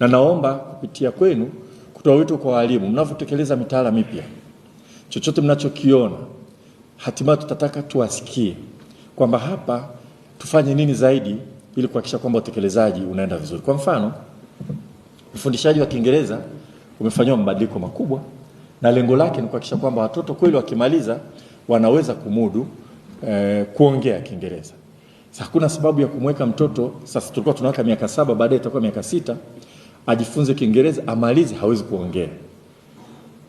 na naomba kupitia kwenu kutoa wito kwa walimu, mnavyotekeleza mitaala mipya, chochote mnachokiona, hatimaye tutataka tuwasikie kwamba hapa tufanye nini zaidi ili kuhakikisha kwamba utekelezaji unaenda vizuri. Kwa mfano, ufundishaji wa Kiingereza umefanyiwa mabadiliko makubwa, na lengo lake ni kuhakikisha kwamba watoto kweli wakimaliza wanaweza kumudu eh, kuongea Kiingereza. Hakuna sababu ya kumweka mtoto sasa, tulikuwa tunaweka miaka saba, baadaye itakuwa miaka sita ajifunze Kiingereza amalize, hawezi kuongea.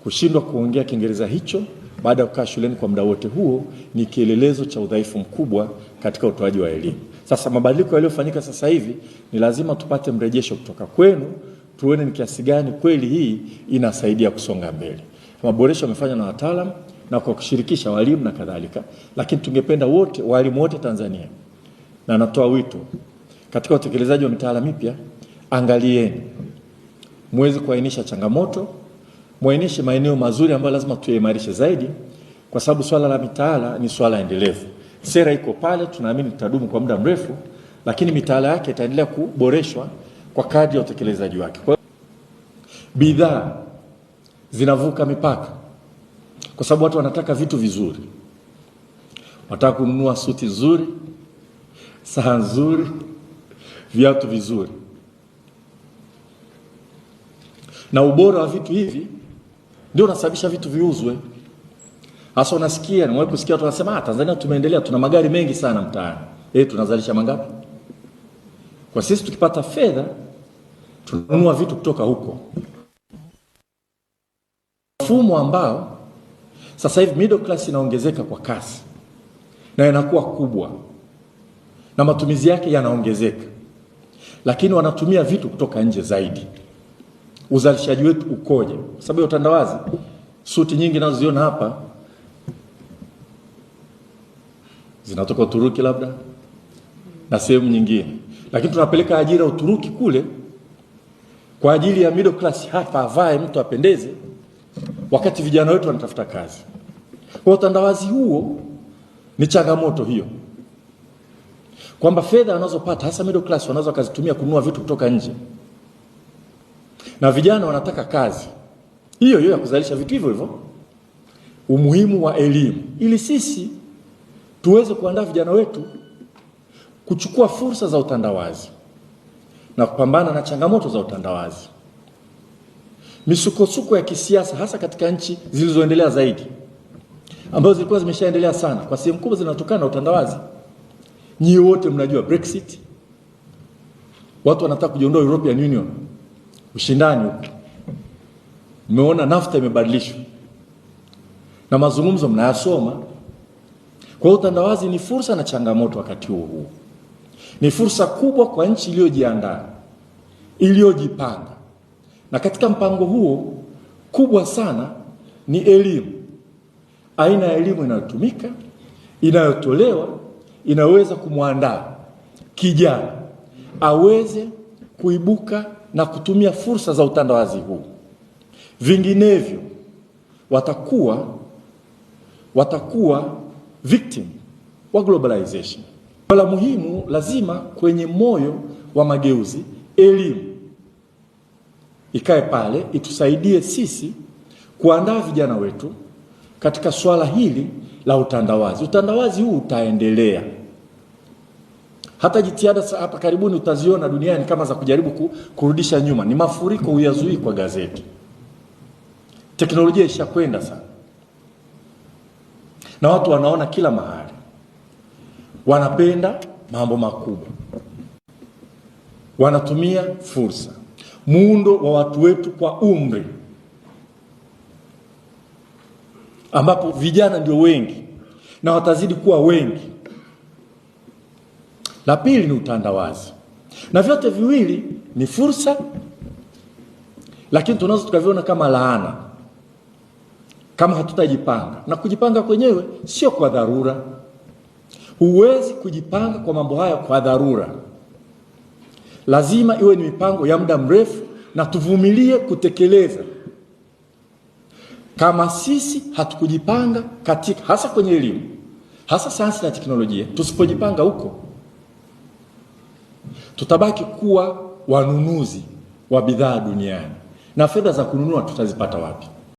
Kushindwa kuongea Kiingereza hicho baada ya kukaa shuleni kwa muda wote huo ni kielelezo cha udhaifu mkubwa katika utoaji wa elimu. Sasa mabadiliko yaliyofanyika sasa hivi ni lazima tupate mrejesho kutoka kwenu, tuone ni kiasi gani kweli hii inasaidia kusonga mbele. Maboresho yamefanywa na wataalamu na kwa kushirikisha walimu na kadhalika, lakini tungependa wote walimu wote Tanzania, na natoa wito katika utekelezaji wa mitaala mipya, angalieni muweze kuainisha changamoto, muainishe maeneo mazuri ambayo lazima tuyaimarishe zaidi, kwa sababu swala la mitaala ni swala endelevu. Sera iko pale, tunaamini itadumu kwa muda mrefu, lakini mitaala yake itaendelea kuboreshwa kwa kadri ya utekelezaji wake. Kwa bidhaa zinavuka mipaka, kwa sababu watu wanataka vitu vizuri, wanataka kununua suti nzuri, saa nzuri, viatu vizuri na ubora wa vitu hivi ndio unasababisha vitu viuzwe. Hasa unasikia na kusikia watu wanasema ah, Tanzania tumeendelea, tuna magari mengi sana mtaani. Eh, tunazalisha mangapi? Kwa sisi tukipata fedha tunanunua vitu kutoka huko, mfumo ambao sasa hivi middle class inaongezeka kwa kasi na inakuwa kubwa na matumizi yake yanaongezeka, lakini wanatumia vitu kutoka nje zaidi uzalishaji wetu ukoje, kwa sababu ya utandawazi. Suti nyingi nazoziona hapa zinatoka Uturuki labda na sehemu nyingine, lakini tunapeleka ajira Uturuki kule kwa ajili ya middle class hapa, avae mtu apendeze, wakati vijana wetu wanatafuta kazi. Kwa utandawazi huo, ni changamoto hiyo kwamba fedha wanazopata hasa middle class wanaweza wakazitumia kununua vitu kutoka nje na vijana wanataka kazi hiyo hiyo ya kuzalisha vitu hivyo hivyo. Umuhimu wa elimu ili sisi tuweze kuandaa vijana wetu kuchukua fursa za utandawazi na kupambana na changamoto za utandawazi. Misukosuko ya kisiasa hasa katika nchi zilizoendelea zaidi ambazo zilikuwa zimeshaendelea sana, kwa sehemu kubwa zinatokana na utandawazi. Nyinyi wote mnajua Brexit, watu wanataka kujiondoa European Union ushindani huko. umeona NAFTA imebadilishwa na mazungumzo mnayasoma. Kwa hiyo utandawazi ni fursa na changamoto wakati huo huo. Ni fursa kubwa kwa nchi iliyojiandaa, iliyojipanga, na katika mpango huo kubwa sana ni elimu, aina ya elimu inayotumika, inayotolewa, inaweza kumwandaa kijana aweze kuibuka na kutumia fursa za utandawazi huu. Vinginevyo watakuwa watakuwa victim wa globalization. La muhimu lazima kwenye moyo wa mageuzi elimu ikae pale, itusaidie sisi kuandaa vijana wetu katika swala hili la utandawazi. Utandawazi huu utaendelea. Hata jitihada hapa karibuni utaziona duniani kama za kujaribu kurudisha nyuma, ni mafuriko huyazui kwa gazeti. Teknolojia ishakwenda sana na watu wanaona kila mahali, wanapenda mambo makubwa, wanatumia fursa. Muundo wa watu wetu kwa umri, ambapo vijana ndio wengi na watazidi kuwa wengi la pili ni utandawazi, na vyote viwili ni fursa, lakini tunaweza tukaviona kama laana kama hatutajipanga. Na kujipanga kwenyewe sio kwa dharura, huwezi kujipanga kwa mambo haya kwa dharura. Lazima iwe ni mipango ya muda mrefu, na tuvumilie kutekeleza. Kama sisi hatukujipanga katika, hasa kwenye elimu, hasa sayansi na teknolojia, tusipojipanga huko tutabaki kuwa wanunuzi wa bidhaa duniani, na fedha za kununua tutazipata wapi?